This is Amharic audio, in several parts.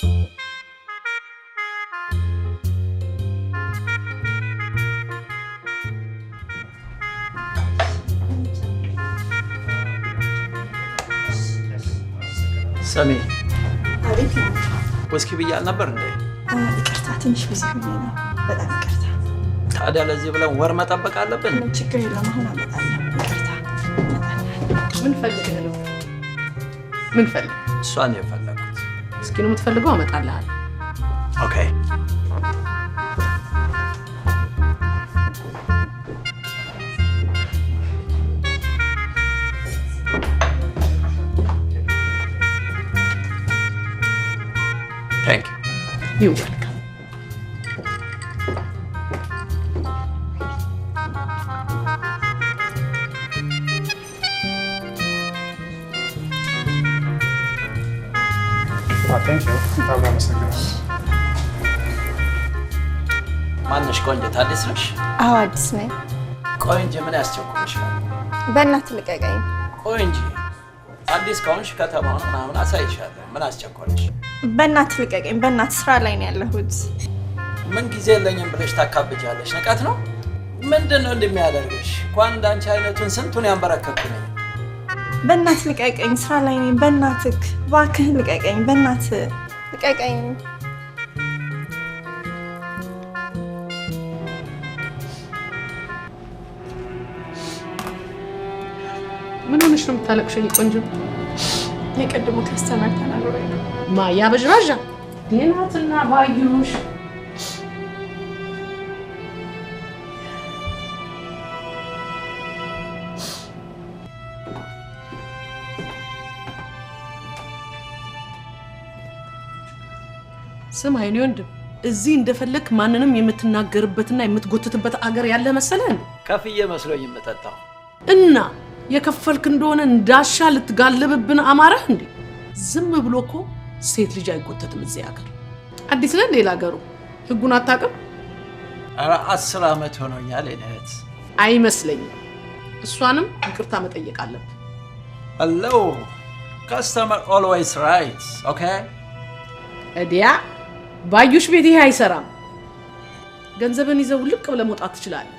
ሰሜ አቤት። ወስኪ ብዬ አልነበር እንዴ? ይቅርታ፣ ትንሽ ቢዚ ሆኜ ነው። በጣም ይቅርታ። ታዲያ ለዚህ ብለን ወር መጠበቅ አለብን? ችግር የለም። አሁን አመጣለሁ። ይቅርታ። ምን ፈልግ ነው? ምን ፈልግ? እሷን የፈ ግን የምትፈልገው አመጣልሃል። ኦኬ ታንክ ዩ ቆንጆ አዲስ ነሽ? አዎ አዲስ ነኝ። ቆይ እንጂ ምን ያስቸኩልሽ? በእናትህ ልቀቀኝ። ቆይ እንጂ አዲስ ከሆንሽ ከተማውን ምናምን አሳይሻለሁ። ምን አስቸኮለሽ? በእናትህ ልቀቀኝ። በእናትህ ስራ ላይ ነው ያለሁት። ምን ጊዜ የለኝም ብለሽ ታካብጃለሽ። ንቀት ነው ምንድን ነው እንደሚያደርግሽ? እንኳን እንዳንቺ አይነቱን ስንቱን ያንበረከኩ ነኝ። በእናትህ ልቀቀኝ። ስራ ላይ ነኝ። በእናትህ ልቀቀኝ። በእናትህ ልቀቀኝ። ነው የምታለቅሽ? ቆንጆ የቀድሞ ከስተመር ተናግሮ ማ ያበዥባዣ ዴናትና ባዩሽ ስም አይኔ ወንድም እዚህ እንደፈለግ ማንንም የምትናገርበትና የምትጎትትበት አገር ያለ መሰለን። ከፍዬ መስሎኝ የምጠጣው እና የከፈልክ እንደሆነ እንዳሻ ልትጋልብብን አማረህ እንዴ? ዝም ብሎ እኮ ሴት ልጅ አይጎተትም እዚህ ሀገር። አዲስ ነህ ሌላ ሀገሩ ህጉን አታውቅም? ኧረ አስር ዓመት ሆኖኛል ነት አይመስለኝም። እሷንም ይቅርታ መጠየቅ አለብን። አሎ ከስተመር ኦልዌይስ ራይት ኦኬ። እዲያ ባዩሽ ቤት ይሄ አይሰራም። ገንዘብን ይዘው ልቅ ብለህ መውጣት ትችላለህ።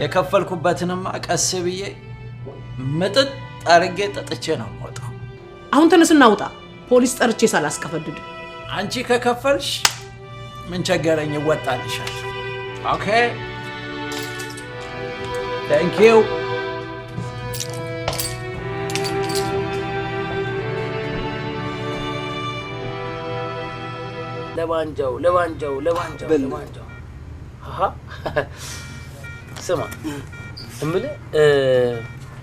የከፈልኩበትንም ቀስ ብዬ ምጥጥ ጠርጌ ጠጥቼ ነው ወጣ። አሁን ተነስና ውጣ። ፖሊስ ጠርቼ ሳላስከፈድድ። አንቺ ከከፈልሽ ምን ቸገረኝ፣ ይወጣልሻል። ኦኬ ታንኪው። ለባንጃው ለባንጃው ለባንጃው ለባንጃው ስማ እምልህ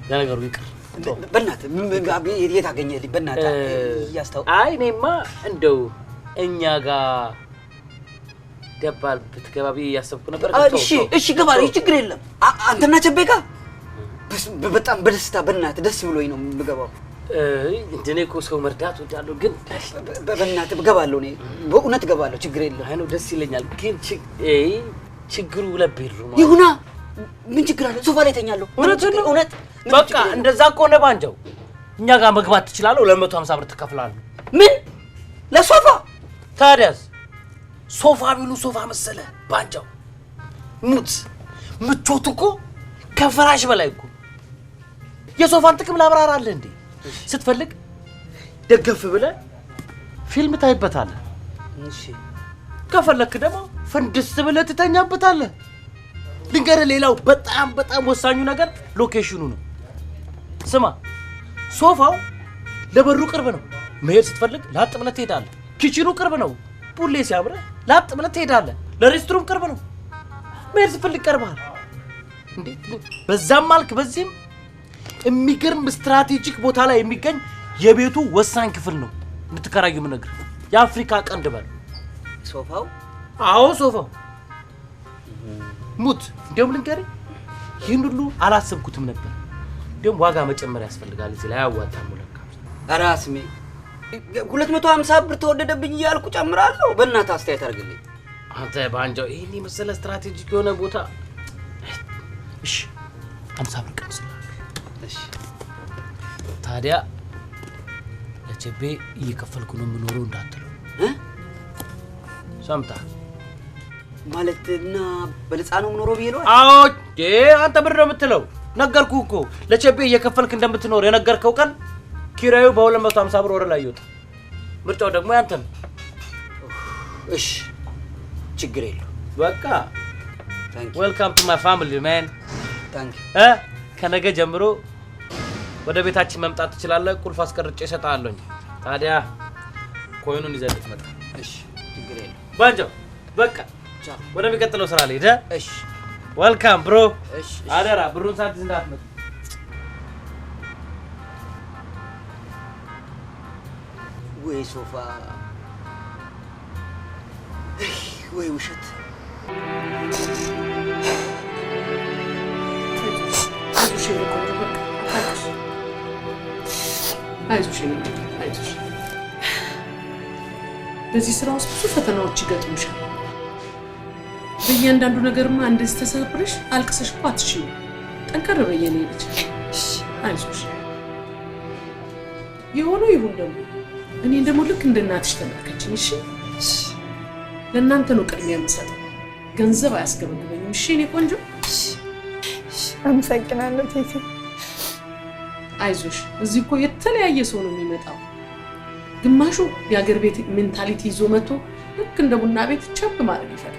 ለነገሩ ይቅር በእናትህ የት አገኘህልኝ? በእናትህ እያስታውቅ። አይ እኔማ እንደው እኛ ጋር ገባል ብትገባ ብዬ እያሰብኩ ነበር። እሺ እሺ፣ ገባል። ችግር የለም። አንተና ቸቤ ጋር በጣም በደስታ በእናትህ ደስ ብሎኝ ነው የምገባው። እንደኔ እኮ ሰው መርዳት እወዳለሁ፣ ግን በእናትህ እገባለሁ። እኔ በእውነት እገባለሁ። ችግር የለም። አይ ነው ደስ ይለኛል፣ ግን ችግሩ ለብሄድ ነው ይሁና ምን ችግር አለ? ሶፋ ላይ እተኛለሁ። እውነት በቃ እንደዛ ከሆነ ባንጃው እኛ ጋር መግባት ትችላለህ። ለመቶ መቶ ሀምሳ ብር ትከፍላለህ። ምን ለሶፋ ታዲያስ? ሶፋ ቢሉ ሶፋ መሰለ ባንጃው ሙት። ምቾት እኮ ከፍራሽ በላይ እኮ። የሶፋን ጥቅም ላብራራለህ እንዴ? ስትፈልግ ደገፍ ብለ ፊልም ታይበታለህ። ከፈለክ ደግሞ ፍንድስ ብለ ትተኛበታለህ። ልንገርህ፣ ሌላው በጣም በጣም ወሳኙ ነገር ሎኬሽኑ ነው። ስማ፣ ሶፋው ለበሩ ቅርብ ነው። መሄድ ስትፈልግ ላጥ ብለህ ትሄዳለህ። ኪችኑ ቅርብ ነው። ቡሌ ሲያምርህ ላጥ ብለህ ትሄዳለህ። ለሬስትሩም ቅርብ ነው። መሄድ ስትፈልግ ቀርበሃል። በዛም አልክ በዚህም የሚገርም ስትራቴጂክ ቦታ ላይ የሚገኝ የቤቱ ወሳኝ ክፍል ነው። እንድትከራዩ የምነግርህ የአፍሪካ ቀንድ በል። ሶፋው? አዎ ሶፋው ሙት። እንዲሁም ልንገሪ፣ ይህን ሁሉ አላሰብኩትም ነበር። እንዲሁም ዋጋ መጨመር ያስፈልጋል። እዚህ ላይ አያዋጣም። ለካ ኧረ አስሜ ሁለት መቶ ሀምሳ ብር ተወደደብኝ እያልኩ ጨምራለሁ። በእናትህ አስተያየት አድርግልኝ። አንተ በአንጃው ይህን የመሰለ ስትራቴጂክ የሆነ ቦታ እሺ፣ ሀምሳ ብር ቀምስልሃል። እሺ ታዲያ ለቼቤ እየከፈልኩ ነው የምኖረው እንዳትለው ሰምተሃል? ማለት እና በነፃ ነው የምኖረው ብዬ ነው። አዎ አንተ ብር ነው የምትለው? ነገርኩህ እኮ ለቸቤ እየከፈልክ እንደምትኖር የነገርከው ቀን ኪራዩ በ250 ብር ወር ላይ ይወጣ። ምርጫው ደግሞ ያንተ ነው። እሺ ችግር የለው በቃ ዌልካም ቱ ማይ ፋሚሊ ማን። ከነገ ጀምሮ ወደ ቤታችን መምጣት ትችላለህ። ቁልፍ አስቀርጬ እሰጥሃለሁ። ታዲያ ኮይኑን ይዘህ ልትመጣ። እሺ ችግር የለው ባንጃው በቃ ወደሚቀጥለው ስራ ላይ እሺ። ወልካም ብሮ። አደራ ብሩን ሳትይዝ እንዳትመጣ። ወይ ሶፋ ወይ ውሸት። በዚህ ስራ ውስጥ ብዙ ፈተናዎች ይገጥሙሻል። በእያንዳንዱ ነገርማ እንደዚህ ተሰብረሽ አልቅሰሽ እኮ አትችይም። ጠንከር በይ የኔ ልጅ፣ አይዞሽ። የሆነው ይሁን ደግሞ እኔ ደግሞ ልክ እንደ እናትሽ ተመልከችኝ። እሺ፣ ለእናንተ ነው ቅድሚያ የምሰጠው። ገንዘብ አያስገበግበኝም። እሺ የኔ ቆንጆ። አመሰግናለሁ ቴቴ። አይዞሽ። እዚህ እኮ የተለያየ ሰው ነው የሚመጣው። ግማሹ የአገር ቤት ሜንታሊቲ ይዞ መጥቶ ልክ እንደ ቡና ቤት ቸብ ማድረግ ይፈልጋል።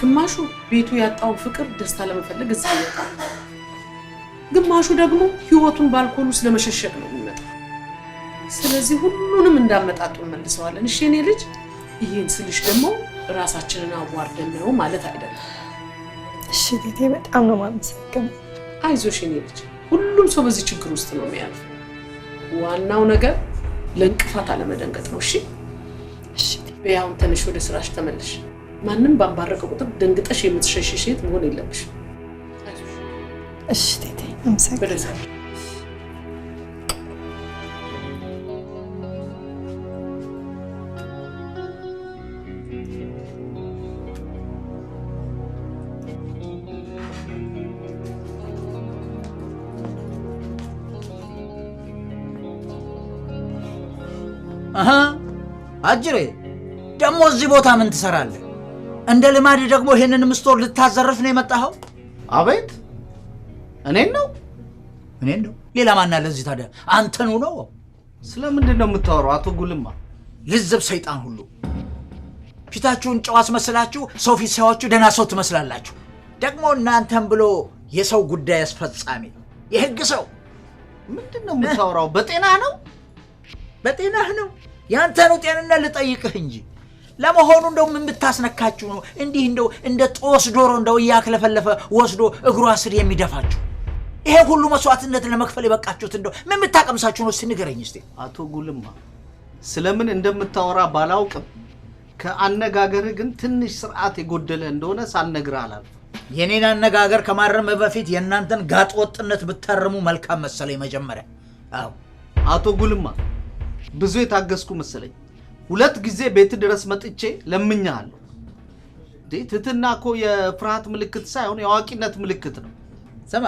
ግማሹ ቤቱ ያጣውን ፍቅር ደስታ ለመፈለግ እዚህ ግማሹ ደግሞ ህይወቱን በአልኮል ውስጥ ለመሸሸግ ነው የሚመጣ። ስለዚህ ሁሉንም እንዳመጣጡ እንመልሰዋለን። እሺ የኔ ልጅ፣ ይህን ስልሽ ደግሞ ራሳችንን አዋርደን ነው ማለት አይደለም። እሺ ጌቴ፣ በጣም ነው የማመሰግነው። አይዞሽ የኔ ልጅ፣ ሁሉም ሰው በዚህ ችግር ውስጥ ነው የሚያልፍ። ዋናው ነገር ለእንቅፋት አለመደንገጥ ነው። እሺ፣ እሺ። አሁን ተነሽ፣ ወደ ስራሽ ተመለሽ። ማንም ባንባረቀ ቁጥር ደንግጠሽ የምትሸሽ ሴት መሆን የለብሽ። እሺ ቴቴ፣ አመሰግናለሁ። አጅሬ ደግሞ እዚህ ቦታ ምን ትሰራለህ? እንደ ልማድ ደግሞ ይሄንን ስቶር ልታዘርፍ ነው የመጣኸው? አቤት እኔን ነው እኔን ነው ሌላ ማና? ለዚህ ታዲያ አንተኑ ነው። ስለምንድን ነው የምታወራው? አቶ ጉልማ ይዘብ ሰይጣን ሁሉ ፊታችሁን ጨዋ አስመስላችሁ ሰው ፊት ሲያዋችሁ ደህና ሰው ትመስላላችሁ። ደግሞ እናንተን ብሎ የሰው ጉዳይ አስፈጻሚ የህግ ሰው ምንድን ነው የምታወራው? በጤና ነው በጤናህ ነው። ያንተኑ ጤንነት ልጠይቅህ እንጂ ለመሆኑ እንደው ምን ብታስነካችሁ ነው እንዲህ እንደው እንደ ጦስ ዶሮ እንደው እያክለፈለፈ ወስዶ እግሯ ስር የሚደፋችሁ? ይሄ ሁሉ መስዋዕትነት ለመክፈል የበቃችሁት እንደው ምን ብታቀምሳችሁ ነው? ስንገረኝ ስ አቶ ጉልማ ስለምን እንደምታወራ ባላውቅም ከአነጋገርህ ግን ትንሽ ስርዓት የጎደለ እንደሆነ ሳልነግርህ አላል። የኔን አነጋገር ከማረም በፊት የእናንተን ጋጥ ወጥነት ብታርሙ መልካም መሰለኝ። መጀመሪያ አዎ፣ አቶ ጉልማ ብዙ የታገስኩ መሰለኝ። ሁለት ጊዜ ቤት ድረስ መጥቼ ለምኛለሁ። ትህትና እኮ የፍርሃት ምልክት ሳይሆን የአዋቂነት ምልክት ነው። ስማ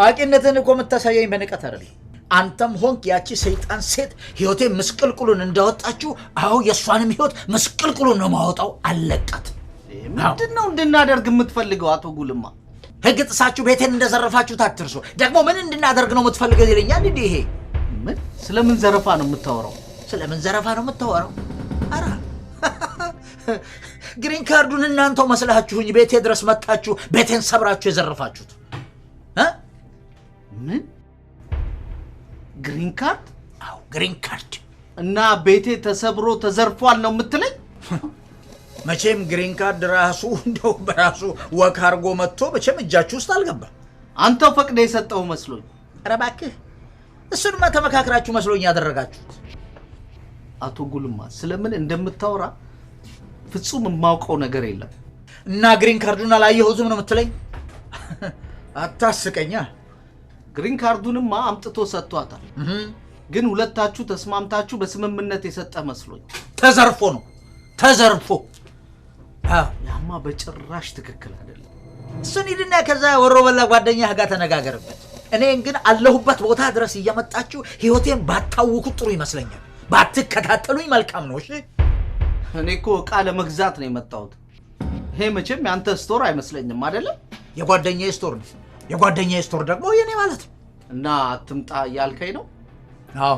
አዋቂነትን እኮ የምታሳየኝ በንቀት አይደለም። አንተም ሆንክ ያቺ ሰይጣን ሴት ህይወቴ ምስቅልቅሉን እንዳወጣችሁ፣ አሁ የእሷንም ህይወት ምስቅልቅሉን ነው ማወጣው። አለቃት ምንድን ነው እንድናደርግ የምትፈልገው? አቶ ጉልማ ህግ ጥሳችሁ ቤቴን እንደዘረፋችሁ ታትርሶ ደግሞ ምን እንድናደርግ ነው የምትፈልገው ይለኛል። እንዲህ ይሄ ምን ስለምን ዘረፋ ነው የምታወራው? ስለምን ዘረፋ ነው የምታወራው? አራ ግሪን ካርዱን እናንተው መስላችሁኝ ቤቴ ድረስ መጣችሁ፣ ቤቴን ሰብራችሁ የዘረፋችሁት። ምን ግሪን ካርድ? አዎ ግሪን ካርድ። እና ቤቴ ተሰብሮ ተዘርፏል ነው የምትለኝ? መቼም ግሪን ካርድ ራሱ እንደው በራሱ ወክ አድርጎ መጥቶ መቼም እጃችሁ ውስጥ አልገባም። አንተው ፈቅደ የሰጠው መስሎኝ። ኧረ እባክህ እሱንማ ተመካክራችሁ መስሎኝ ያደረጋችሁት። አቶ ጉልማ ስለምን እንደምታወራ ፍጹም የማውቀው ነገር የለም። እና ግሪን ካርዱን ዝም ነው የምትለኝ? አታስቀኛ። ግሪን ካርዱንማ አምጥቶ ሰጥቷታል። ግን ሁለታችሁ ተስማምታችሁ በስምምነት የሰጠ መስሎኝ። ተዘርፎ ነው ተዘርፎ። ያማ በጭራሽ ትክክል አይደለም። እሱን ሂድና ከዛ ወሮ በላ ጓደኛህ ጋር ተነጋገርበት። እኔን ግን አለሁበት ቦታ ድረስ እያመጣችሁ ህይወቴን ባታውኩ ጥሩ ይመስለኛል። ባትከታተሉኝ መልካም ነው። እሺ እኔ እኮ እቃ ለመግዛት ነው የመጣሁት። ይሄ መቼም ያንተ ስቶር አይመስለኝም። አይደለም የጓደኛ ስቶር ነው። የጓደኛ ስቶር ደግሞ የኔ ማለት ነው። እና አትምጣ እያልከኝ ነው? አዎ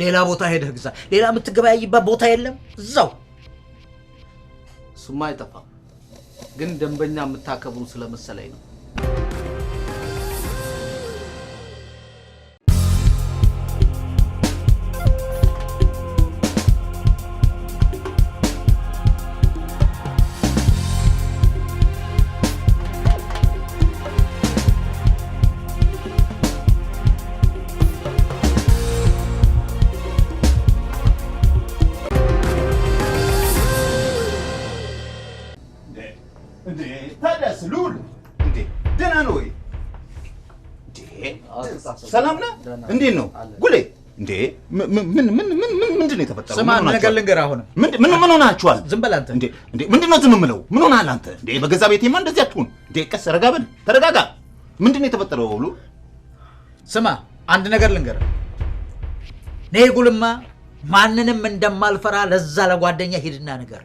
ሌላ ቦታ ሄደህ ግዛ። ሌላ የምትገበያይበት ቦታ የለም? እዛው እሱማ አይጠፋም፣ ግን ደንበኛ የምታከብሩ ስለመሰለኝ ነው። ሰላም ነህ? እንዴት ነው ጉሌ? እንዴ ምን ምን ምን ምንድን ነው የተፈጠረው? ስማ ነገር ልንገርህ። አሁንም ምን ምን ምን ሆናችኋል? ዝም በል አንተ። እንዴ እንዴ ምንድን ነው ዝም የምለው? ምን ሆናል አንተ? እንዴ በገዛ ቤቴማ እንደዚህ አትሁን። እንዴ ቀስ ረጋ በል ተረጋጋ። ምንድን ነው የተፈጠረው? ሁሉ ስማ አንድ ነገር ልንገርህ። እኔ ጉልማ ማንንም እንደማልፈራ ለዛ ለጓደኛ ሂድና ነገር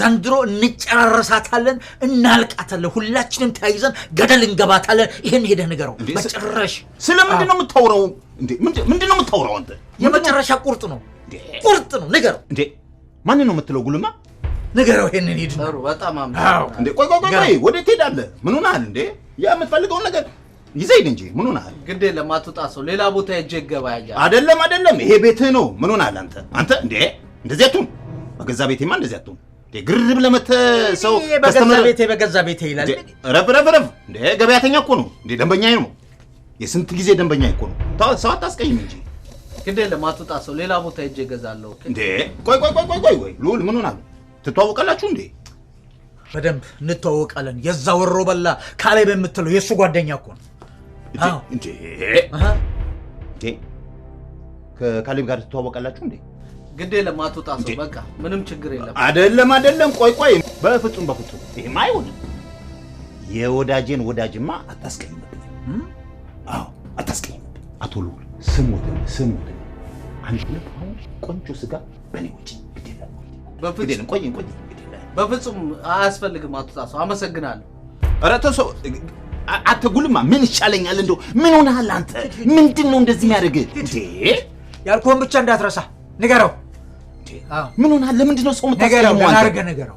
ዘንድሮ እንጨራረሳታለን፣ እናልቃታለን፣ ሁላችንም ተያይዘን ገደል እንገባታለን። ይህን ሄደህ ንገረው። መጨረሽ ስለምንድን ነው የምታውረው? ምንድን ነው የምታውረው አንተ? የመጨረሻ ቁርጥ ነው፣ ቁርጥ ነው። ንገረው። እንዴ ማንን ነው የምትለው? ጉልማ ንገረው። ይሄንን ሂድ። በጣም እንዴ! ቆይ ቆይ ቆይ፣ ወዴት ትሄዳለህ? ምን ሆነሃል እንዴ? ያ የምትፈልገውን ነገር ይዘህ ሂድ እንጂ ምን ሆነሃል? ግድ የለም አትወጣ። ሰው ሌላ ቦታ ሂጅ፣ ይገባያል። አይደለም አይደለም፣ ይሄ ቤትህ ነው። ምን ሆነሃል አንተ? አንተ እንዴ! እንደዚህ አትሁን። በገዛ ቤቴማ እንደዚህ አትሁን። ግርብ ለመተ ሰው በገዛ ቤቴ በገዛ ቤቴ ይላል። ረፍ ረፍ ረፍ እንደ ገበያተኛ እኮ ነው እንዴ! ደንበኛ ነው፣ የስንት ጊዜ ደንበኛ እኮ ነው። ሰው አታስቀይም እንጂ ግድ የለም አትውጣ። ሰው ሌላ ቦታ ሄጄ እገዛለሁ። እንዴ ቆይ ቆይ ቆይ ቆይ ቆይ ወይ ልዑል ምን ሆናሉ? ትተዋወቃላችሁ እንዴ? በደንብ እንተዋወቃለን። የዛ ወሮ በላ ካላይ በምትለው የእሱ ጓደኛ እኮ ነው። እንዴ ከካሌብ ጋር ትተዋወቃላችሁ እንዴ? ግዴ ሰው በቃ ምንም ችግር የለም። አይደለም አይደለም፣ ቆይ ቆይ፣ በፍጹም በፍጹም ይሄማ አይሆንም። የወዳጄን ወዳጅማ አታስቀኝበት። አዎ አታስቀኝበት። አቶ ስሙት፣ ስሙት፣ አንድ ሁለት ቆንጆ ስጋ በፍጹም ቆይ ቆይ፣ በፍጹም አያስፈልግም። አመሰግናለሁ። ኧረ ተው ሰው አትጉልማ። ምን ይሻለኛል? እንደው ምን ሆነሃል አንተ? ምንድን ነው እንደዚህ የሚያደርግህ? እንዴ ያልኩህን ብቻ እንዳትረሳ ንገረው። ምን ሆናል? ለምንድን ነው ሰው የምታስቀይመው?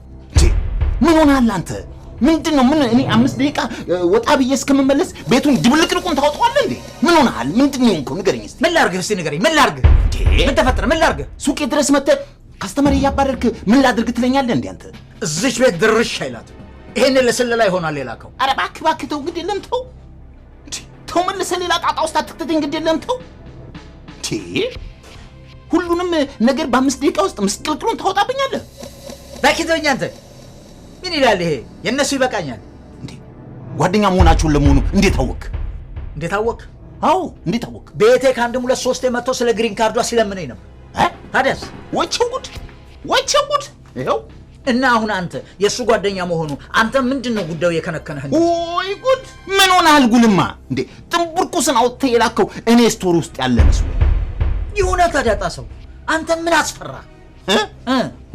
ምን ሆናል አንተ? ምንድን ነው ምን? እኔ አምስት ደቂቃ ወጣ ብዬ እስከምመለስ ቤቱን ድብልቅልቁን ታወጣዋለህ እንዴ? ምን ሆናል? ምንድን ነው የሆንከው? ንገረኝ እስኪ። ምን ላድርግህ? እስኪ ንገረኝ። ምን ላድርግህ? ምን ተፈጠረ? ምን ላድርግህ? ሱቄ ድረስ መጥተህ ካስተመር እያባረርክ ምን ላድርግ ትለኛለህ እንዴ አንተ? እዚች ቤት ድርሽ አይላት። ይሄን ለስለላ ይሆናል የላከው። አረ እባክህ እባክህ፣ ተው ግድ የለም ተው፣ ተው መልሰህ ሌላ ጣጣ ውስጥ አትክተተኝ። ግድ የለም ተው ሁሉንም ነገር በአምስት ደቂቃ ውስጥ ምስቅልቅሉን ታወጣብኛለህ። ዳኪተኛ አንተ ምን ይላል ይሄ? የእነሱ ይበቃኛል። እንዴ ጓደኛ መሆናችሁን ለመሆኑ እንዴት አወቅ? እንዴት አወቅ? አዎ እንዴት አወቅ? ቤቴ ከአንድ ሁለት ሶስቴ መጥቶ ስለ ግሪን ካርዷ ሲለምነኝ ነበር። ታዲያስ? ወቸው ጉድ፣ ወቸው ጉድ። ይኸው እና አሁን አንተ የእሱ ጓደኛ መሆኑ አንተ ምንድን ነው ጉዳዩ የከነከነህ? ወይ ጉድ! ምን ሆነ አልጉልማ እንዴ ጥንቡርቁስን አውጥተህ የላከው እኔ ስቶር ውስጥ ያለ መስሎኝ የሆነ ተዳጣ ሰው አንተ ምን አስፈራ?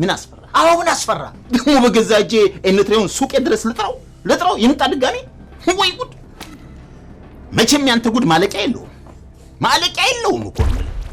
ምን አስፈራ? አዎ ምን አስፈራ? ደግሞ በገዛ እጄ ኤርትሬውን ሱቄ ድረስ ልጥረው ልጥረው ይምጣ ድጋሚ። ወይ ጉድ! መቼም ያንተ ጉድ ማለቂያ የለውም፣ ማለቂያ የለውም እኮ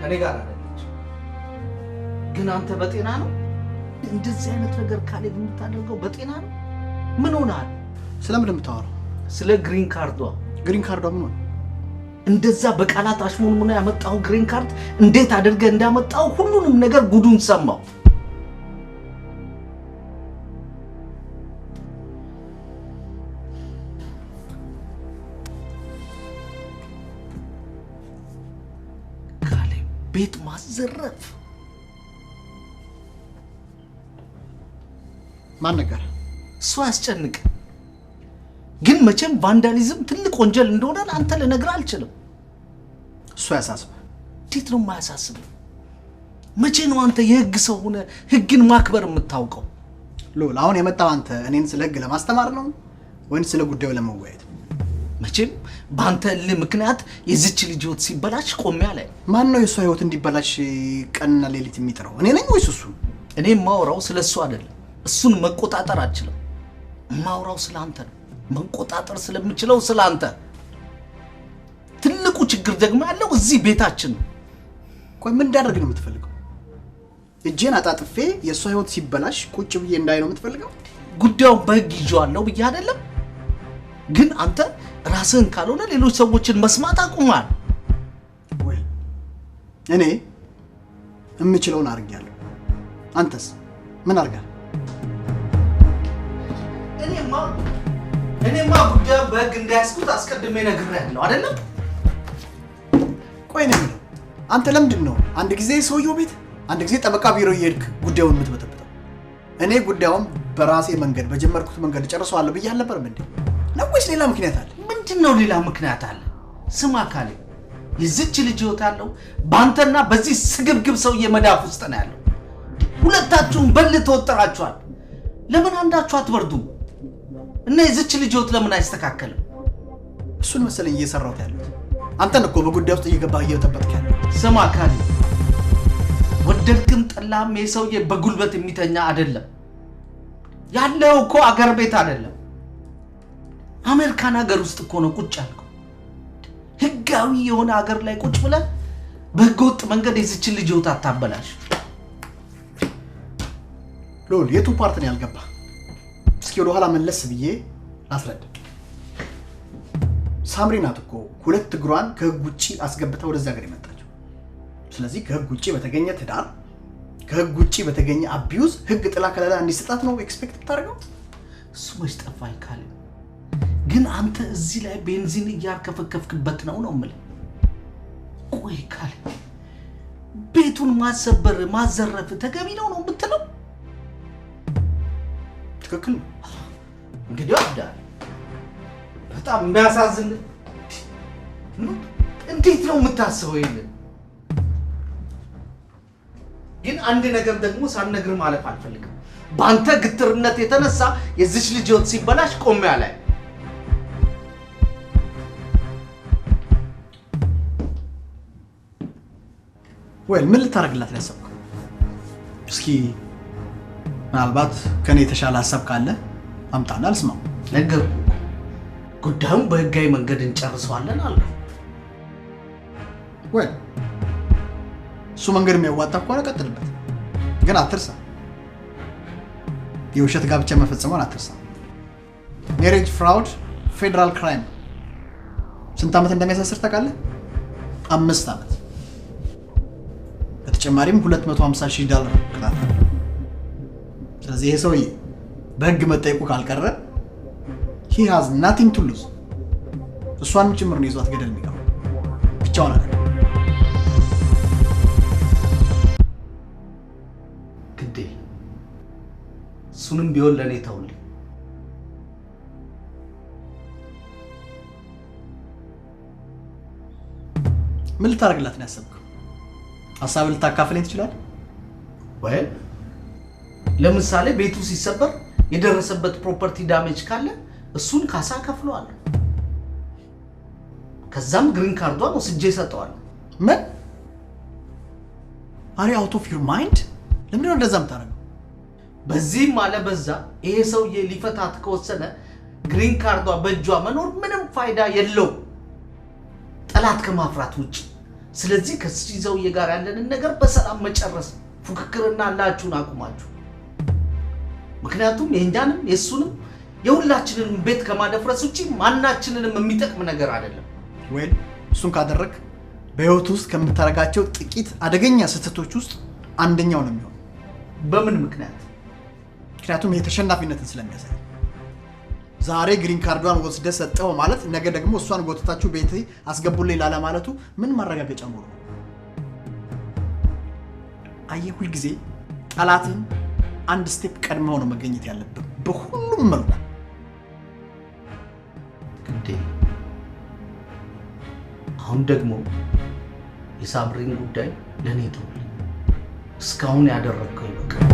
ከኔ ጋር አይደለች። ግን አንተ በጤና ነው እንደዚህ አይነት ነገር ካሌብ የምታደርገው? በጤና ነው? ምን ሆነሃል? ስለምን የምታወራው? ስለ ግሪን ካርዷ። ግሪን ካርዷ ምን ሆነ? እንደዛ በቃላት አሽሙን ሙና ያመጣው ግሪን ካርድ እንዴት አድርገ እንዳመጣው ሁሉንም ነገር ጉዱን ሰማው። ቤት ማዘረፍ ማን ነገር እሱ አያስጨንቅ። ግን መቼም ቫንዳሊዝም ትልቅ ወንጀል እንደሆነ አንተ ልነግር አልችልም። እሱ አያሳስብ። እንዴት ነው የማያሳስብ? መቼ ነው አንተ የህግ ሰው ሆነ ህግን ማክበር የምታውቀው? ሎል አሁን የመጣው አንተ እኔን ስለ ህግ ለማስተማር ነው ወይም ስለ ጉዳዩ ለመወያየት? መቼም በአንተ እልህ ምክንያት የዚች ልጅ ህይወት ሲበላሽ ቆሜ አለ። ማን ነው የእሷ ህይወት እንዲበላሽ ቀንና ሌሊት የሚጥረው? እኔ ነኝ ወይስ እሱ? እኔ የማውራው ስለ እሱ አይደለም። እሱን መቆጣጠር አልችልም። የማውራው ስለ አንተ ነው። መቆጣጠር ስለምችለው ስለ አንተ። ትልቁ ችግር ደግሞ ያለው እዚህ ቤታችን ነው። ቆይ ምን እንዳደርግ ነው የምትፈልገው? እጄን አጣጥፌ የእሷ ህይወት ሲበላሽ ቁጭ ብዬ እንዳይ ነው የምትፈልገው? ጉዳዩን በህግ ይዤዋለሁ ብዬ አይደለም ግን አንተ ራስህን ካልሆነ ሌሎች ሰዎችን መስማት አቁሟል። ወይ እኔ የምችለውን አድርጌያለሁ። አንተስ ምን አድርጋል? እኔማ እኔማ ጉዳዩ በህግ እንዳያስኩት አስቀድሜ ነግሬያለሁ አይደለም? ቆይ ነው አንተ ለምንድን ነው አንድ ጊዜ ሰውየው ቤት አንድ ጊዜ ጠበቃ ቢሮ እየሄድክ ጉዳዩን የምትበጠብጠው? እኔ ጉዳዩን በራሴ መንገድ በጀመርኩት መንገድ ጨርሰዋለሁ ብዬ አልነበርም እንዴ? ነው ወይስ ሌላ ምክንያት አለ? ምንድን ነው? ሌላ ምክንያት አለ? ስማ ካሌ፣ የዚች ልጅ ህይወት ያለው በአንተና በዚህ ስግብግብ ሰውዬ መዳፍ ውስጥ ነው ያለው። ሁለታችሁም በል ተወጥራችኋል። ለምን አንዳችሁ አትበርዱም? እና የዚች ልጅ ህይወት ለምን አይስተካከልም? እሱን መሰለኝ እየሰራሁት ያሉት። አንተን እኮ በጉዳይ ውስጥ እየገባህ እየጠበጥክ ያለ። ስማ ካሌ፣ ወደድክም ጠላም ይህ ሰውዬ በጉልበት የሚተኛ አይደለም። ያለው እኮ አገር ቤት አይደለም አሜሪካን ሀገር ውስጥ እኮ ነው ቁጭ አልከው። ህጋዊ የሆነ ሀገር ላይ ቁጭ በህገ በህገወጥ መንገድ የዚችን ልጅ ህይወት አታበላሽ። ሎል የቱ ፓርት ነው ያልገባ? እስኪ ኋላ መለስ ብዬ ላስረዳ። ሳምሪ ናት እኮ ሁለት እግሯን ከህግ ውጭ አስገብታ ወደዚህ ሀገር የመጣችው። ስለዚህ ከህግ ውጭ በተገኘ ትዳር፣ ከህግ ውጭ በተገኘ አቢዩዝ ህግ ጥላ ከለላ እንዲሰጣት ነው ኤክስፔክት ብታደርገው። እሱ መች ጠፋ ካለ ግን አንተ እዚህ ላይ ቤንዚን እያርከፈከፍክበት ነው ነው የምልህ። ቆይ ካል ቤቱን ማሰበር ማዘረፍ ተገቢ ነው ነው የምትለው? ትክክል ነው። እንግዲህ አብዳል። በጣም የሚያሳዝን እንዴት ነው የምታስበው? ይልን ግን አንድ ነገር ደግሞ ሳነግር ማለፍ አልፈልግም። በአንተ ግትርነት የተነሳ የዚች ልጅ ሕይወት ሲበላሽ ቆሚያ ላይ ወይ ምን ልታደርግላት ነው ያሰብኩ? እስኪ ምናልባት ከኔ የተሻለ ሀሳብ ካለ አምጣና አልስማው። ነገር ጉዳዩን በህጋዊ መንገድ እንጨርሰዋለን አለ ወይ። እሱ መንገድ የሚያዋጣ ከሆነ ቀጥልበት፣ ግን አትርሳ፣ የውሸት ጋብቻ መፈጸመውን አትርሳ። ሜሬጅ ፍራውድ ፌዴራል ክራይም ስንት ዓመት እንደሚያሳስር ታውቃለህ? አምስት ዓመት በተጨማሪም 250 ሺህ ዳላር ቅጣት። ስለዚህ ይሄ ሰውዬ በህግ መጠየቁ ካልቀረ ሂ ሃዝ ናቲንግ ቱ ሉዝ። እሷንም ጭምር ነው ይዟት ገደል የሚገባው ብቻውን አለ። ግዴ እሱንም ቢሆን ለእኔ ተውልኝ። ምን ልታደርግላት ነው ያሰብከው? ሀሳብ ልታካፍለኝ ትችላል? ወይ ለምሳሌ ቤቱ ሲሰበር የደረሰበት ፕሮፐርቲ ዳሜጅ ካለ እሱን ካሳ ከፍለዋል። ከዛም ግሪን ካርዷን ወስጄ ይሰጠዋል። ምን አሪ አውት ኦፍ ዩር ማይንድ? ለምንድነው እንደዛ የምታደርገው? በዚህም አለ በዛ ይሄ ሰውዬ ሊፈታት ከወሰነ ግሪን ካርዷ በእጇ መኖር ምንም ፋይዳ የለው ጠላት ከማፍራት ውጭ ስለዚህ ከስቲ ዘውዬ ጋር ያለንን ነገር በሰላም መጨረስ ፉክክርና ላችሁን አቁማችሁ። ምክንያቱም የእኛንም የእሱንም የሁላችንንም ቤት ከማደፍረስ ውጭ ማናችንንም የሚጠቅም ነገር አይደለም። ወይም እሱን ካደረግ በህይወት ውስጥ ከምታደርጋቸው ጥቂት አደገኛ ስህተቶች ውስጥ አንደኛው ነው የሚሆን። በምን ምክንያት? ምክንያቱም የተሸናፊነትን ስለሚያሳይ ዛሬ ግሪን ካርዷን ወስደ ሰጠው ማለት ነገ ደግሞ እሷን ጎትታችሁ ቤት አስገቡልኝ ላለ ማለቱ ምን ማረጋገጫ ኖሮ? አየህ፣ ሁልጊዜ ጠላትን አንድ ስቴፕ ቀድመው ነው መገኘት ያለብን በሁሉም መልኩ። ግዴ አሁን ደግሞ የሳምሪን ጉዳይ ለእኔ ተውልኝ። እስካሁን ያደረግከው ይበቃል።